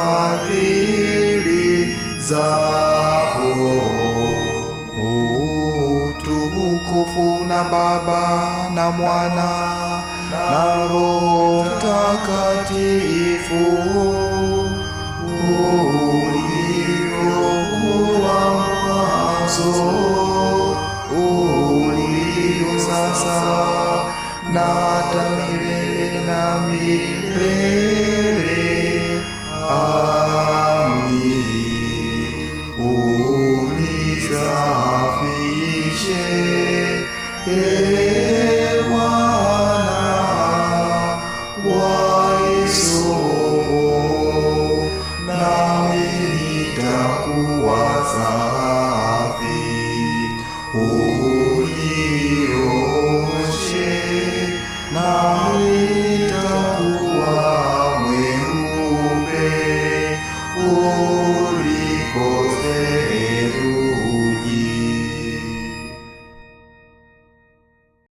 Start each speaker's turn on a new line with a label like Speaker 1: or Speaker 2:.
Speaker 1: fadhili zako. Utukufu na Baba na Mwana na Roho Mtakatifu, uliokuwa mwanzo, ulio sasa na hata milele na milele. Safiye Ewana Waisoko Nami nitakuwa safi Unioshe